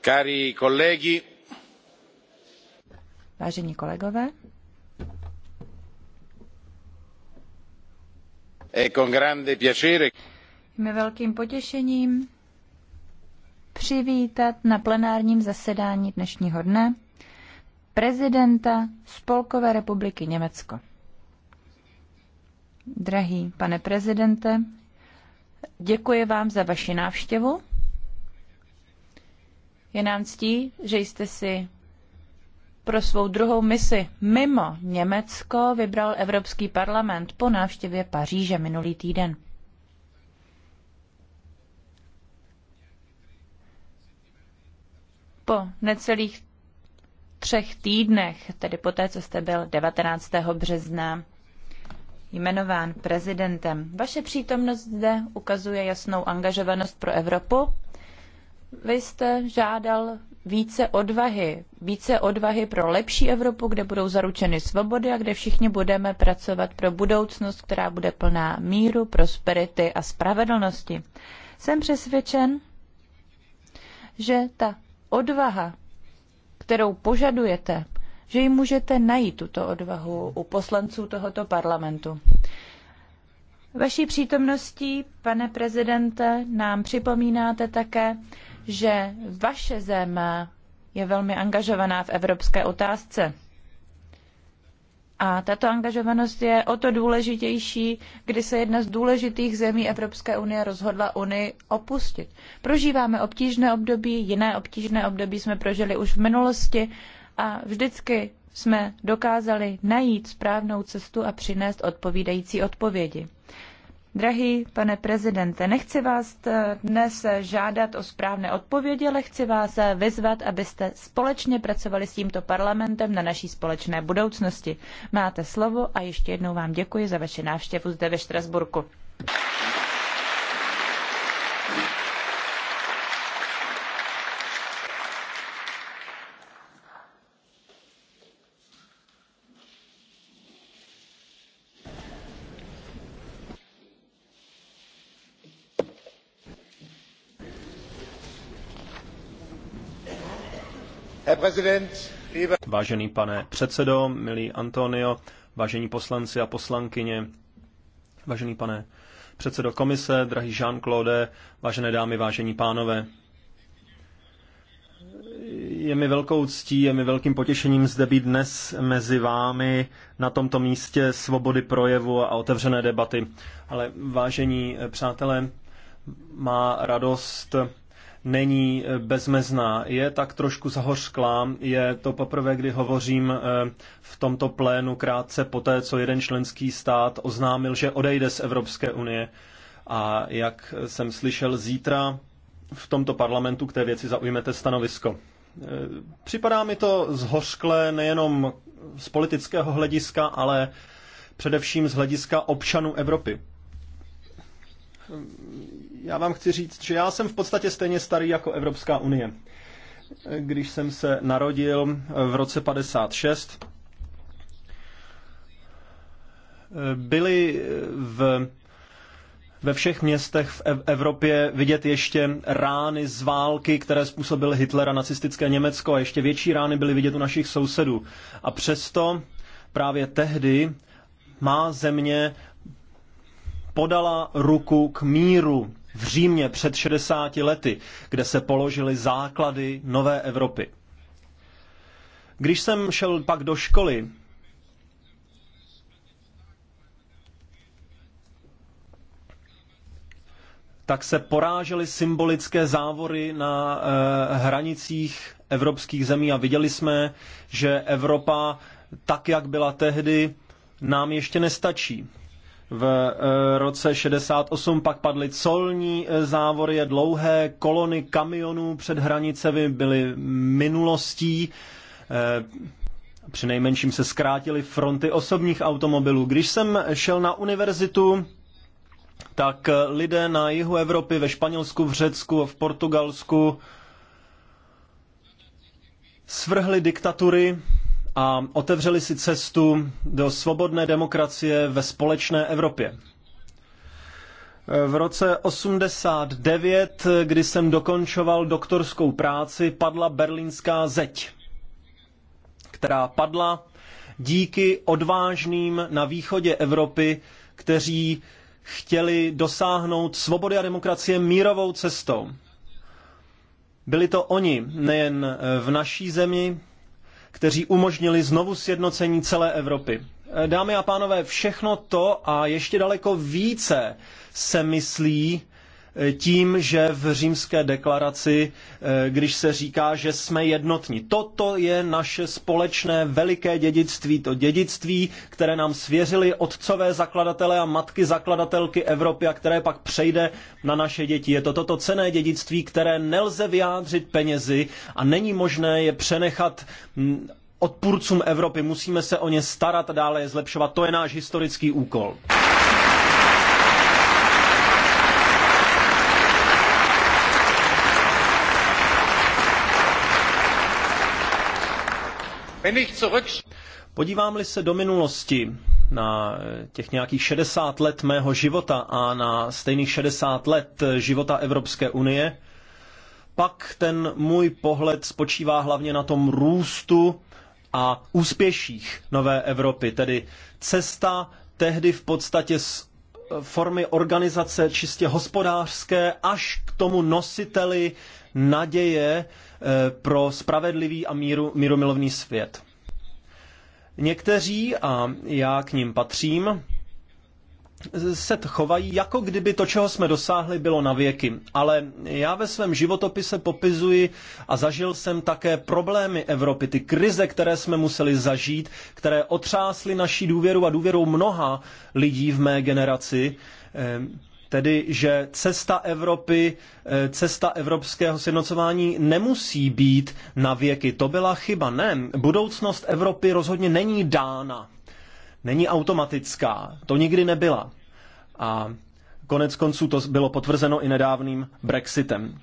Cari colleghi. Vážení kolegové. È e con grande piacere. Mi velkým potěšením přivítat na plenárním zasedání dnešního dne prezidenta Spolkové republiky Německo. Drahý pane prezidente, děkuji vám za vaši návštěvu. Je nám ctí, že jste si pro svou druhou misi mimo Německo vybral Evropský parlament po návštěvě Paříže minulý týden. Po necelých třech týdnech, tedy po té, co jste byl 19. března jmenován prezidentem. Vaše přítomnost zde ukazuje jasnou angažovanost pro Evropu. Vy jste žádal více odvahy, více odvahy pro lepší Evropu, kde budou zaručeny svobody a kde všichni budeme pracovat pro budoucnost, která bude plná míru, prosperity a spravedlnosti. Jsem přesvědčen, že ta odvaha, kterou požadujete že ji můžete najít, tuto odvahu, u poslanců tohoto parlamentu. Vaší přítomností, pane prezidente, nám připomínáte také, že vaše země je velmi angažovaná v evropské otázce. A tato angažovanost je o to důležitější, kdy se jedna z důležitých zemí Evropské unie rozhodla Unii opustit. Prožíváme obtížné období, jiné obtížné období jsme prožili už v minulosti a vždycky jsme dokázali najít správnou cestu a přinést odpovídající odpovědi. Drahý pane prezidente, nechci vás dnes žádat o správné odpovědi, ale chci vás vyzvat, abyste společně pracovali s tímto parlamentem na naší společné budoucnosti. Máte slovo a ještě jednou vám děkuji za vaši návštěvu zde ve Štrasburku. Vážený pane předsedo, milý Antonio, vážení poslanci a poslankyně, vážený pane předsedo komise, drahý Jean-Claude, vážené dámy, vážení pánové. Je mi velkou ctí, je mi velkým potěšením zde být dnes mezi vámi na tomto místě svobody projevu a otevřené debaty. Ale vážení přátelé, má radost není eh, bezmezná. Je tak trošku zahořklá. Je to poprvé, kdy hovořím eh, v tomto plénu krátce té, co jeden členský stát oznámil, že odejde z Evropské unie. A jak jsem slyšel, zítra v tomto parlamentu k té věci zaujmete stanovisko. Eh, připadá mi to zhořklé nejenom z politického hlediska, ale především z hlediska občanů Evropy. Já vám chci říct, že já jsem v podstatě stejně starý jako Evropská unie. Když jsem se narodil v roce 56, byly v ve všech městech v Evropě vidět ještě rány z války, které způsobil Hitler a nacistické Německo a ještě větší rány byly vidět u našich sousedů. A přesto právě tehdy má země podala ruku k míru v Římě před 60 lety, kde se položily základy nové Evropy. Když jsem šel pak do školy, tak se porážely symbolické závory na eh, hranicích evropských zemí a viděli jsme, že Evropa, tak jak byla tehdy, nám ještě nestačí. V eh, roce 68 pak padly colní eh, závory, dlouhé kolony kamionů před hranicemi byly minulostí. Eh, při nejmenším se zkrátily fronty osobních automobilů. Když jsem šel na univerzitu, tak lidé na jihu Evropy, ve Španělsku, v Řecku, v Portugalsku, svrhli diktatury a otevřeli si cestu do svobodné demokracie ve společné Evropě. V roce 89, kdy jsem dokončoval doktorskou práci, padla berlínská zeď, která padla díky odvážným na východě Evropy, kteří chtěli dosáhnout svobody a demokracie mírovou cestou. Byli to oni, nejen v naší zemi, kteří umožnili znovu sjednocení celé Evropy. Eh, dámy a pánové, všechno to a ještě daleko více se myslí tím, že v římské deklaraci, eh, když se říká, že jsme jednotní. Toto je naše společné veliké dědictví, to dědictví, které nám svěřili otcové zakladatele a matky zakladatelky Evropy a které pak přejde na naše děti. Je to toto cené dědictví, které nelze vyjádřit penězi a není možné je přenechat mm, odpůrcům Evropy. Musíme se o ně starat a dále je zlepšovat. To je náš historický úkol. Podívám-li se do minulosti, na eh, těch nějakých 60 let mého života a na stejných 60 let eh, života Evropské unie, pak ten můj pohled spočívá hlavně na tom růstu a úspěších nové Evropy, tedy cesta tehdy v podstatě z eh, formy organizace čistě hospodářské až k tomu nositeli naděje eh, pro spravedlivý a míru, mírumilovný svět. Někteří, a já k ním patřím, se chovají, jako kdyby to, čeho jsme dosáhli, bylo na věky. Ale já ve svém životopise popizuji a zažil jsem také problémy Evropy, ty krize, které jsme museli zažít, které otřásly naší důvěru a důvěrou mnoha lidí v mé generaci. Ehm, Tedy, že cesta Evropy, eh, cesta evropského sjednocování nemusí být na věky. To byla chyba. Ne, budoucnost Evropy rozhodně není dána. Není automatická. To nikdy nebyla. A Konec konců to bylo potvrzeno i nedávným Brexitem.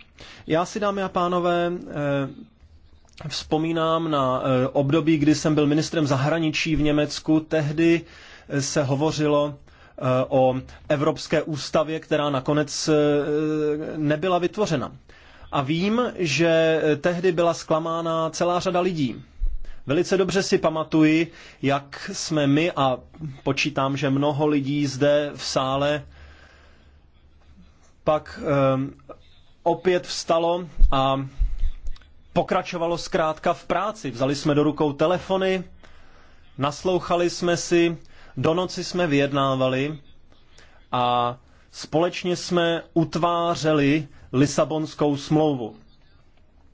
Já si, dámy a pánové, eh, vzpomínám na eh, období, kdy jsem byl ministrem zahraničí v Německu. Tehdy se hovořilo o Evropské ústavě, která nakonec eh, nebyla vytvořena. A vím, že tehdy byla zklamána celá řada lidí. Velice dobře si pamatuji, jak jsme my, a počítám, že mnoho lidí zde v sále pak eh, opět vstalo a pokračovalo zkrátka v práci. Vzali jsme do rukou telefony, naslouchali jsme si, do noci jsme vyjednávali a společně jsme utvářeli Lisabonskou smlouvu.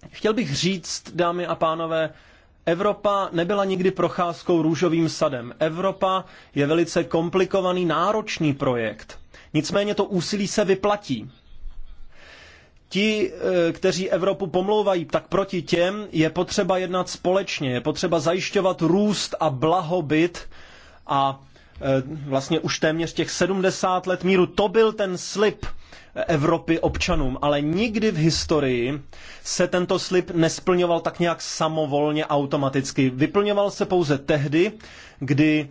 Chtěl bych říct, dámy a pánové, Evropa nebyla nikdy procházkou růžovým sadem. Evropa je velice komplikovaný, náročný projekt. Nicméně to úsilí se vyplatí. Ti, eh, kteří Evropu pomlouvají, tak proti těm je potřeba jednat společně, je potřeba zajišťovat růst a blahobyt a Eh, vlastně už téměř těch 70 let míru. To byl ten slib Evropy občanům, ale nikdy v historii se tento slib nesplňoval tak nějak samovolně automaticky. Vyplňoval se pouze tehdy, kdy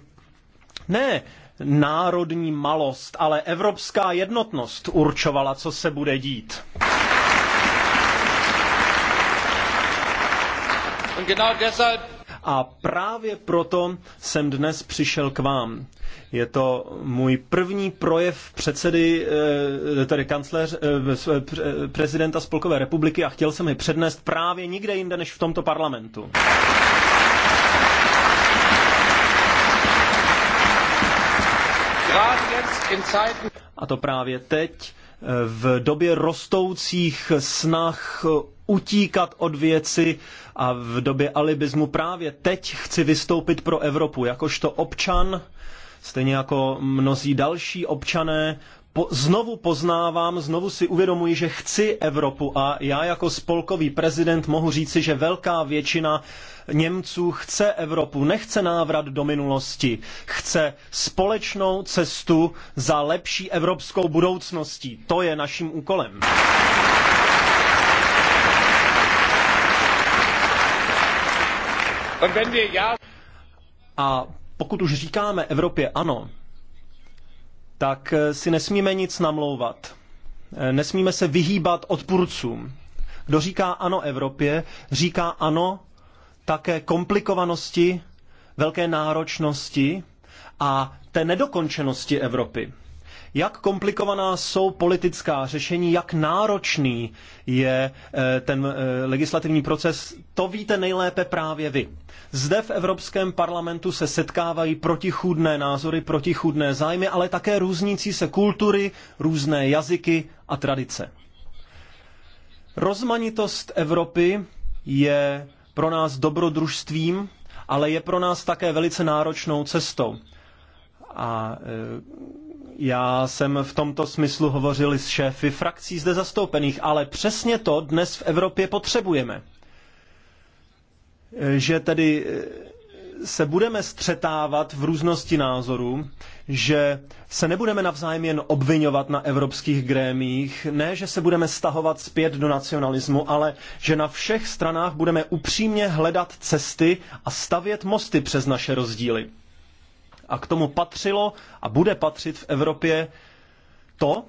ne národní malost, ale evropská jednotnost určovala, co se bude dít. Und genau deshalb a právě proto jsem dnes přišel k vám. Je to můj první projev předsedy, eh, tedy kancléř, eh, prezidenta Spolkové republiky a chtěl jsem ji přednést právě nikde jinde než v tomto parlamentu. A to právě teď, eh, v době rostoucích snah utíkat od věci a v době alibismu právě teď chci vystoupit pro Evropu jakožto občan, stejně jako mnozí další občané, po, znovu poznávám, znovu si uvědomuji, že chci Evropu a já jako spolkový prezident mohu říci, že velká většina Němců chce Evropu, nechce návrat do minulosti, chce společnou cestu za lepší evropskou budoucností. To je naším úkolem. A pokud už říkáme Evropě ano, tak si nesmíme nic namlouvat. Nesmíme se vyhýbat odpůrcům. Kdo říká ano Evropě, říká ano také komplikovanosti, velké náročnosti a té nedokončenosti Evropy jak komplikovaná jsou politická řešení, jak náročný je eh, ten eh, legislativní proces, to víte nejlépe právě vy. Zde v Evropském parlamentu se setkávají protichůdné názory, protichůdné zájmy, ale také různící se kultury, různé jazyky a tradice. Rozmanitost Evropy je pro nás dobrodružstvím, ale je pro nás také velice náročnou cestou. A eh, já jsem v tomto smyslu hovořil s šéfy frakcí zde zastoupených, ale přesně to dnes v Evropě potřebujeme. Že tedy eh, se budeme střetávat v různosti názorů, že se nebudeme navzájem jen obvinovat na evropských grémích, ne, že se budeme stahovat zpět do nacionalismu, ale že na všech stranách budeme upřímně hledat cesty a stavět mosty přes naše rozdíly a k tomu patřilo a bude patřit v Evropě to,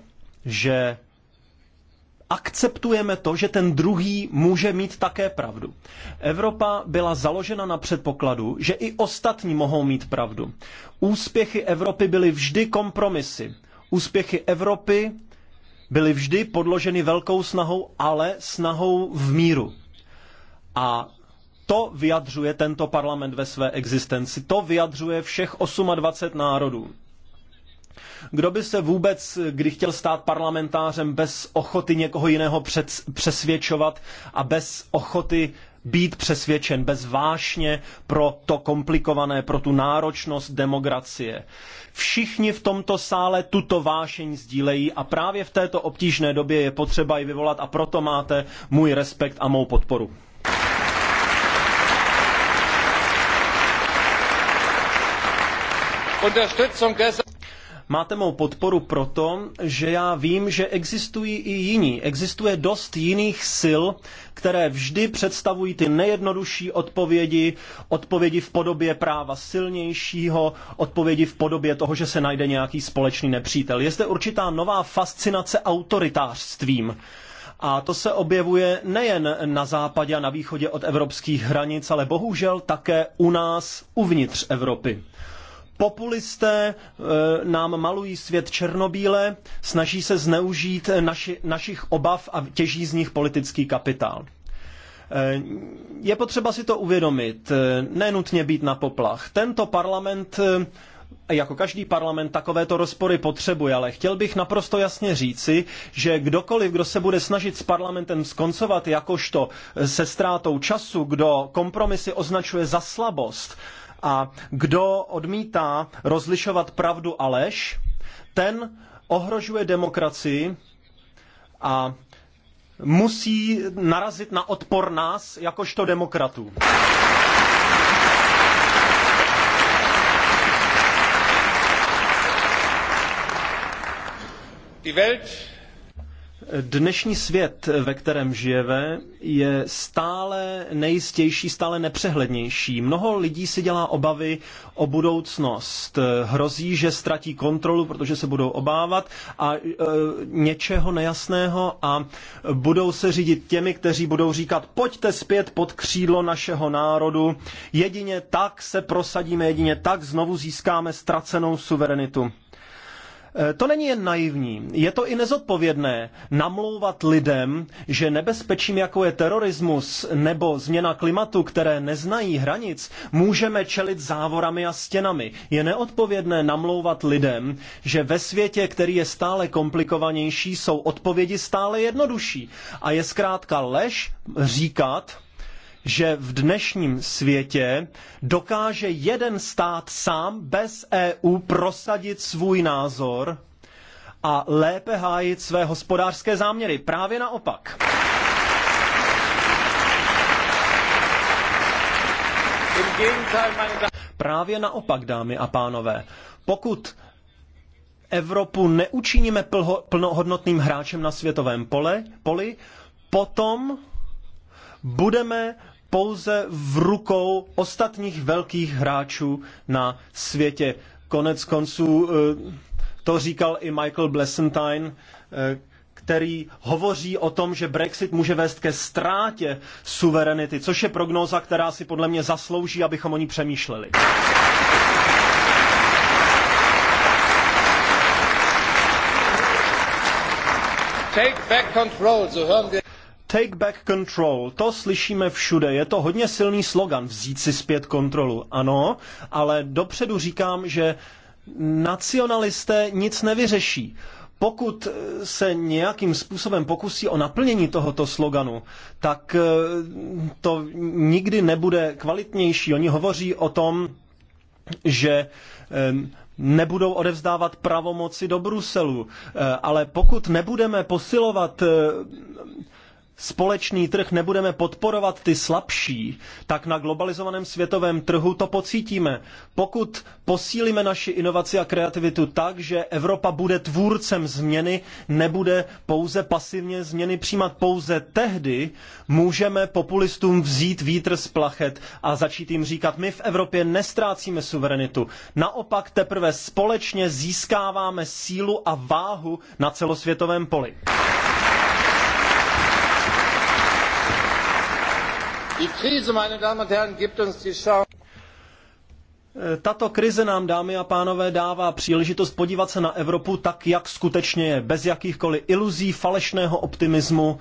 že akceptujeme to, že ten druhý může mít také pravdu. Evropa byla založena na předpokladu, že i ostatní mohou mít pravdu. Úspěchy Evropy byly vždy kompromisy. Úspěchy Evropy byly vždy podloženy velkou snahou, ale snahou v míru. A to vyjadřuje tento parlament ve své existenci. To vyjadřuje všech 28 národů. Kdo by se vůbec, kdy chtěl stát parlamentářem, bez ochoty někoho jiného přesvědčovat a bez ochoty být přesvědčen, bez vášně pro to komplikované, pro tu náročnost demokracie. Všichni v tomto sále tuto vášeň sdílejí a právě v této obtížné době je potřeba ji vyvolat a proto máte můj respekt a mou podporu. Máte mou podporu proto, že já vím, že existují i jiní. Existuje dost jiných sil, které vždy představují ty nejjednodušší odpovědi, odpovědi v podobě práva silnějšího, odpovědi v podobě toho, že se najde nějaký společný nepřítel. Je zde určitá nová fascinace autoritářstvím. A to se objevuje nejen na západě a na východě od evropských hranic, ale bohužel také u nás uvnitř Evropy. Populisté eh, nám malují svět černobíle, snaží se zneužít naši, našich obav a těží z nich politický kapitál. Eh, je potřeba si to uvědomit, eh, nenutně být na poplach. Tento parlament jako každý parlament takovéto rozpory potřebuje, ale chtěl bych naprosto jasně říci, že kdokoliv, kdo se bude snažit s parlamentem skoncovat jakožto se ztrátou času, kdo kompromisy označuje za slabost, a kdo odmítá rozlišovat pravdu a lež, ten ohrožuje demokracii a musí narazit na odpor nás, jakožto demokratů. Die Welt Dnešní svět, ve kterém žijeme, je stále nejistější, stále nepřehlednější. Mnoho lidí si dělá obavy o budoucnost. Hrozí, že ztratí kontrolu, protože se budou obávat a e, něčeho nejasného a budou se řídit těmi, kteří budou říkat, pojďte zpět pod křídlo našeho národu. Jedině tak se prosadíme, jedině tak znovu získáme ztracenou suverenitu. Eh, to není jen naivní, je to i nezodpovědné namlouvat lidem, že nebezpečím, jako je terorismus nebo změna klimatu, které neznají hranic, můžeme čelit závorami a stěnami. Je neodpovědné namlouvat lidem, že ve světě, který je stále komplikovanější, jsou odpovědi stále jednodušší. A je zkrátka lež říkat, že v dnešním světě dokáže jeden stát sám bez EU prosadit svůj názor a lépe hájit své hospodářské záměry. Právě naopak. Právě naopak, dámy a pánové, pokud Evropu neučiníme plho, plnohodnotným hráčem na světovém pole, poli, potom budeme pouze v rukou ostatních velkých hráčů na světě. Konec konců eh, to říkal i Michael Blessentine, eh, který hovoří o tom, že Brexit může vést ke ztrátě suverenity, což je prognóza, která si podle mě zaslouží, abychom o ní přemýšleli. Take back control, so hören wir Take back control, to slyšíme všude, je to hodně silný slogan, vzít si zpět kontrolu. Ano, ale dopředu říkám, že nacionalisté nic nevyřeší. Pokud se nějakým způsobem pokusí o naplnění tohoto sloganu, tak eh, to nikdy nebude kvalitnější. Oni hovoří o tom, že eh, nebudou odevzdávat pravomoci do Bruselu. Eh, ale pokud nebudeme posilovat společný trh, nebudeme podporovat ty slabší, tak na globalizovaném světovém trhu to pocítíme. Pokud posílíme naši inovaci a kreativitu tak, že Evropa bude tvůrcem změny, nebude pouze pasivně změny přijímat pouze tehdy, můžeme populistům vzít vítr z plachet a začít jim říkat, my v Evropě nestrácíme suverenitu. Naopak teprve společně získáváme sílu a váhu na celosvětovém poli. Tato krize nám, dámy a pánové, dává příležitost podívat se na Evropu tak, jak skutečně je, bez jakýchkoliv iluzí, falešného optimismu,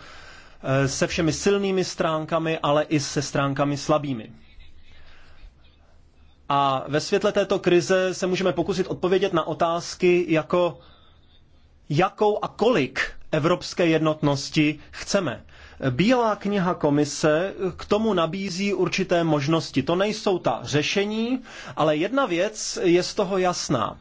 eh, se všemi silnými stránkami, ale i se stránkami slabými. A ve světle této krize se můžeme pokusit odpovědět na otázky jako jakou a kolik evropské jednotnosti chceme. Bílá kniha komise k tomu nabízí určité možnosti. To nejsou ta řešení, ale jedna věc je z toho jasná.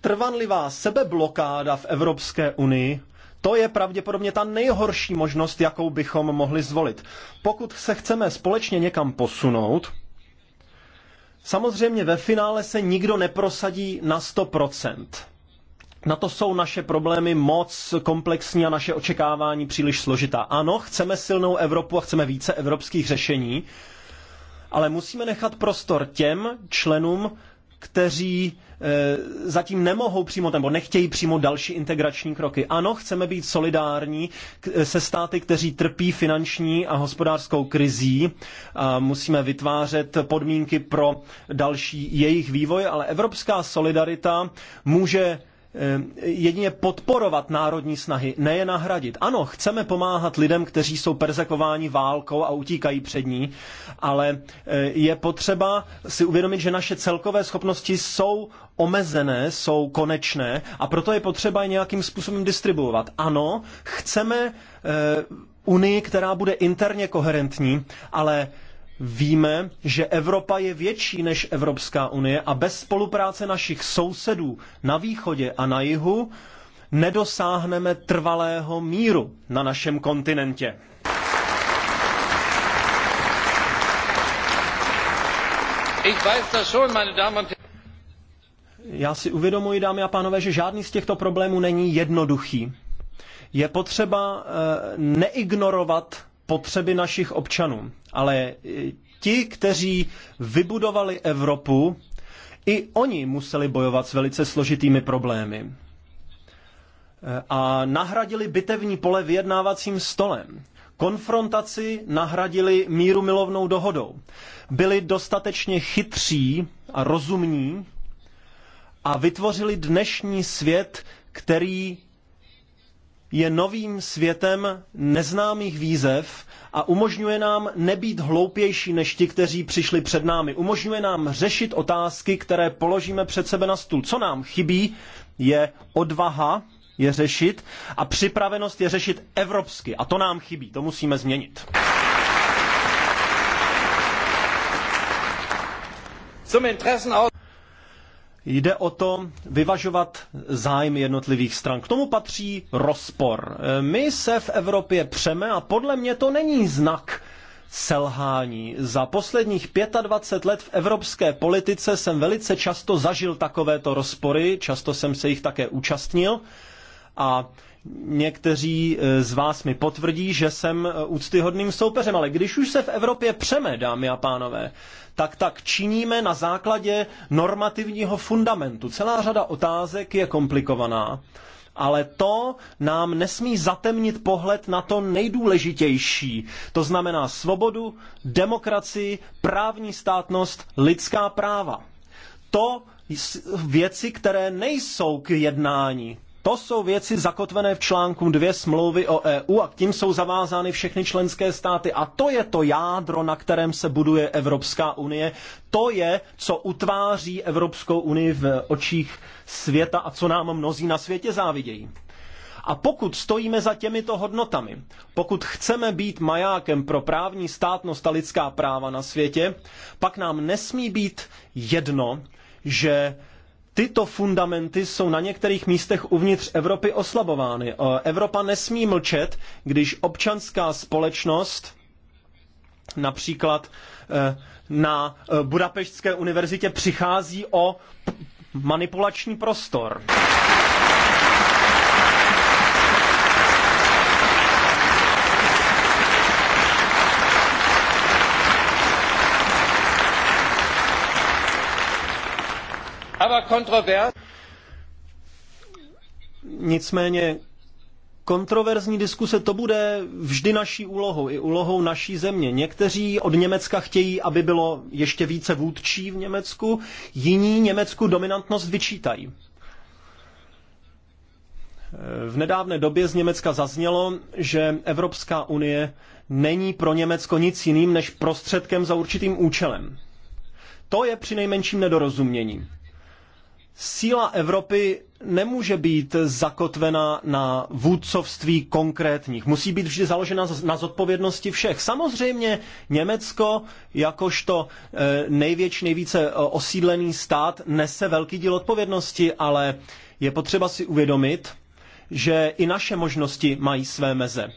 Trvanlivá sebeblokáda v Evropské unii to je pravděpodobně ta nejhorší možnost, jakou bychom mohli zvolit. Pokud se chceme společně někam posunout, samozřejmě ve finále se nikdo neprosadí na 100% na to jsou naše problémy moc komplexní a naše očekávání příliš složitá. Ano, chceme silnou Evropu a chceme více evropských řešení, ale musíme nechat prostor těm členům, kteří e, zatím nemohou přímo nebo nechtějí přímo další integrační kroky. Ano, chceme být solidární k, eh, se státy, kteří trpí finanční a hospodářskou krizí. A musíme vytvářet podmínky pro další jejich vývoj, ale evropská solidarita může Eh, jedině podporovat národní snahy, ne je nahradit. Ano, chceme pomáhat lidem, kteří jsou persekováni válkou a utíkají před ní, ale eh, je potřeba si uvědomit, že naše celkové schopnosti jsou omezené, jsou konečné a proto je potřeba je nějakým způsobem distribuovat. Ano, chceme eh, unii, která bude interně koherentní, ale víme, že Evropa je větší než Evropská unie a bez spolupráce našich sousedů na východě a na jihu nedosáhneme trvalého míru na našem kontinentě. Já si uvědomuji, dámy a pánové, že žádný z těchto problémů není jednoduchý. Je potřeba eh, neignorovat potřeby našich občanů. Ale e, ti, kteří vybudovali Evropu, i oni museli bojovat s velice složitými problémy. E, a nahradili bitevní pole vyjednávacím stolem. Konfrontaci nahradili míru milovnou dohodou. Byli dostatečně chytří a rozumní a vytvořili dnešní svět, který je novým světem neznámých výzev a umožňuje nám nebýt hloupější než ti, kteří přišli před námi. Umožňuje nám řešit otázky, které položíme před sebe na stůl. Co nám chybí, je odvaha je řešit a připravenost je řešit evropsky. A to nám chybí, to musíme změnit. Zum Interessen Jde o to vyvažovat zájmy jednotlivých stran. K tomu patří rozpor. My se v Evropě přeme a podle mě to není znak selhání. Za posledních 25 let v evropské politice jsem velice často zažil takovéto rozpory, často jsem se jich také účastnil a někteří eh, z vás mi potvrdí, že jsem eh, úctyhodným soupeřem, ale když už se v Evropě přeme, dámy a pánové, tak tak činíme na základě normativního fundamentu. Celá řada otázek je komplikovaná, ale to nám nesmí zatemnit pohled na to nejdůležitější. To znamená svobodu, demokracii, právní státnost, lidská práva. To věci, které nejsou k jednání. To jsou věci zakotvené v článku dvě smlouvy o EU a k tím jsou zavázány všechny členské státy. A to je to jádro, na kterém se buduje Evropská unie. To je, co utváří Evropskou unii v očích světa a co nám mnozí na světě závidějí. A pokud stojíme za těmito hodnotami, pokud chceme být majákem pro právní státnost a lidská práva na světě, pak nám nesmí být jedno, že tyto fundamenty jsou na některých místech uvnitř Evropy oslabovány. Eh, Evropa nesmí mlčet, když občanská společnost například eh, na eh, Budapeštské univerzitě přichází o manipulační prostor. Nicméně kontroverzní diskuse to bude vždy naší úlohou, i úlohou naší země. Někteří od Německa chtějí, aby bylo ještě více vůdčí v Německu, jiní Německu dominantnost vyčítají. V nedávné době z Německa zaznělo, že Evropská unie není pro Německo nic jiným než prostředkem za určitým účelem. To je při nejmenším nedorozuměním síla Evropy nemůže být zakotvena na vůdcovství konkrétních. Musí být vždy založena na zodpovědnosti všech. Samozřejmě Německo, jakožto eh, největší, nejvíce eh, osídlený stát, nese velký díl odpovědnosti, ale je potřeba si uvědomit, že i naše možnosti mají své meze.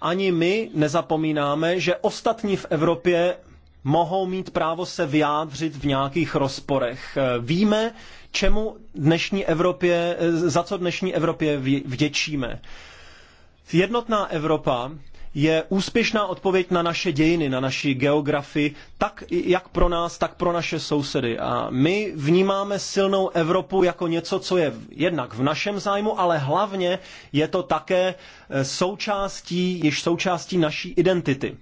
Ani my nezapomínáme, že ostatní v Evropě mohou mít právo se vyjádřit v nějakých rozporech. Eh, víme, čemu dnešní Evropě, eh, za co dnešní Evropě vděčíme. Jednotná Evropa je úspěšná odpověď na naše dějiny, na naši geografii, tak jak pro nás, tak pro naše sousedy. A my vnímáme silnou Evropu jako něco, co je jednak v našem zájmu, ale hlavně je to také eh, součástí, již součástí naší identity.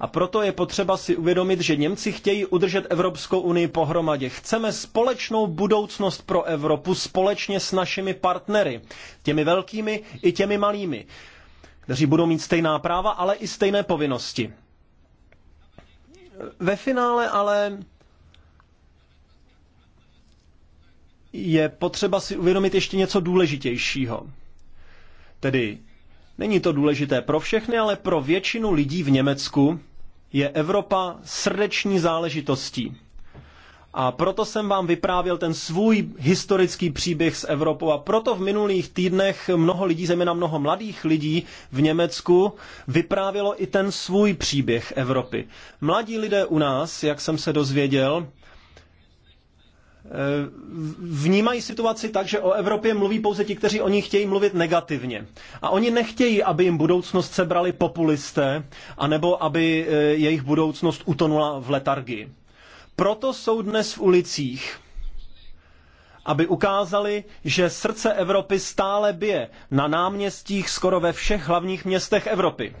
A proto je potřeba si uvědomit, že Němci chtějí udržet Evropskou unii pohromadě. Chceme společnou budoucnost pro Evropu společně s našimi partnery, těmi velkými i těmi malými, kteří budou mít stejná práva, ale i stejné povinnosti. Ve finále ale je potřeba si uvědomit ještě něco důležitějšího. Tedy není to důležité pro všechny, ale pro většinu lidí v Německu je Evropa srdeční záležitostí. A proto jsem vám vyprávěl ten svůj historický příběh s Evropou a proto v minulých týdnech mnoho lidí, zejména mnoho mladých lidí v Německu, vyprávělo i ten svůj příběh Evropy. Mladí lidé u nás, jak jsem se dozvěděl, Eh, vnímají situaci tak, že o Evropě mluví pouze ti, kteří o ní chtějí mluvit negativně. A oni nechtějí, aby jim budoucnost sebrali populisté, anebo aby eh, jejich budoucnost utonula v letargii. Proto jsou dnes v ulicích, aby ukázali, že srdce Evropy stále bije na náměstích skoro ve všech hlavních městech Evropy.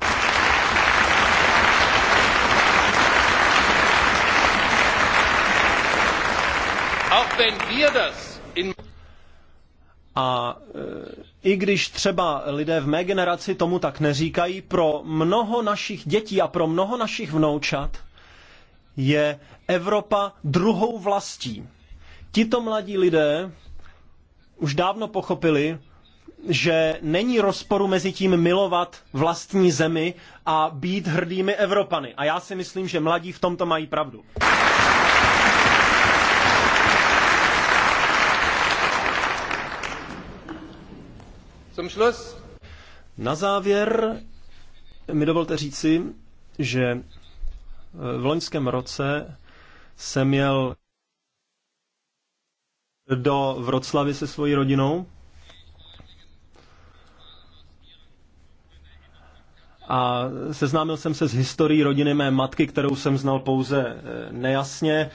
A e, i když třeba lidé v mé generaci tomu tak neříkají, pro mnoho našich dětí a pro mnoho našich vnoučat je Evropa druhou vlastí. Tito mladí lidé už dávno pochopili, že není rozporu mezi tím milovat vlastní zemi a být hrdými Evropany. A já si myslím, že mladí v tomto mají pravdu. Na závěr mi dovolte říci, že eh, v loňském roce jsem měl do Vroclavy se svojí rodinou. A seznámil jsem se s historií rodiny mé matky, kterou jsem znal pouze eh, nejasně.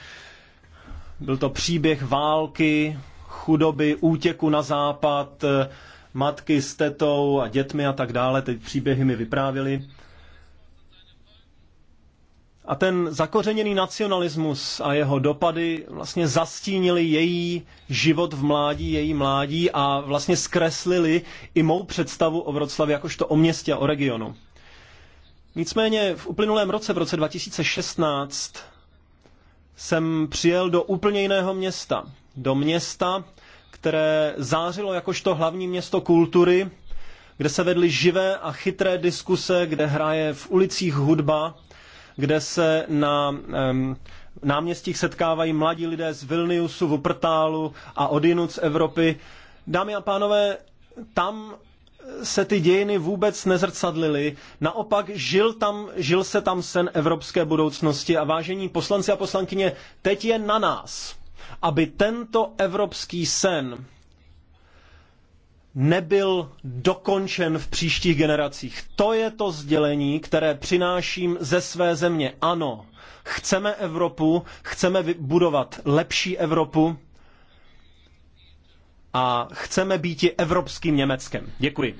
Byl to příběh války, chudoby, útěku na západ, eh, matky s tetou a dětmi a tak dále, ty příběhy mi vyprávěli. A ten zakořeněný nacionalismus a jeho dopady vlastně zastínili její život v mládí, její mládí a vlastně zkreslili i mou představu o Vroclavě jakožto o městě a o regionu. Nicméně v uplynulém roce, v roce 2016, jsem přijel do úplně jiného města. Do města, které zářilo jakožto hlavní město kultury, kde se vedly živé a chytré diskuse, kde hraje v ulicích hudba, kde se na um, náměstích setkávají mladí lidé z Vilniusu, Vuprtálu a odinut z Evropy. Dámy a pánové, tam se ty dějiny vůbec nezrcadlily. Naopak žil, tam, žil se tam sen evropské budoucnosti a vážení poslanci a poslankyně, teď je na nás aby tento evropský sen nebyl dokončen v příštích generacích. To je to sdělení, které přináším ze své země. Ano, chceme Evropu, chceme budovat lepší Evropu a chceme být i evropským Německem. Děkuji.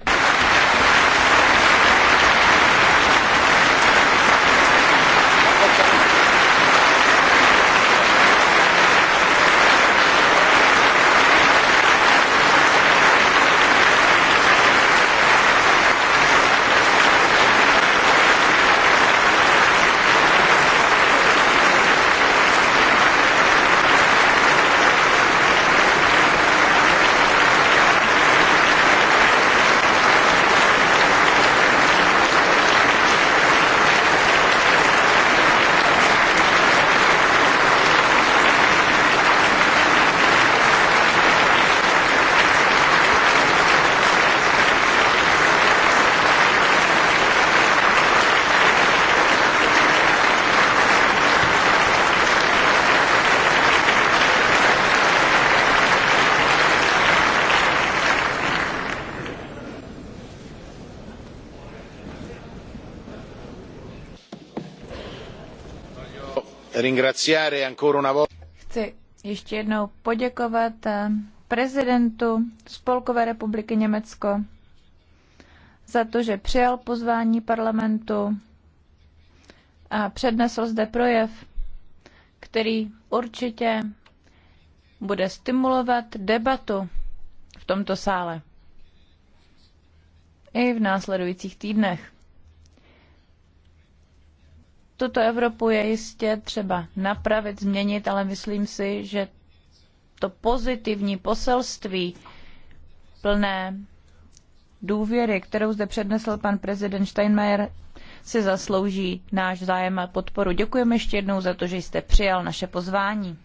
ringraziare ancora una volta. Chci ještě jednou poděkovat eh, prezidentu Spolkové republiky Německo za to, že přijal pozvání parlamentu a přednesl zde projev, který určitě bude stimulovat debatu v tomto sále i v následujících týdnech. Tuto Evropu je jistě třeba napravit, změnit, ale myslím si, že to pozitivní poselství plné důvěry, kterou zde přednesl pan prezident Steinmeier, si zaslouží náš zájem a podporu. Děkujeme ještě jednou za to, že jste přijal naše pozvání.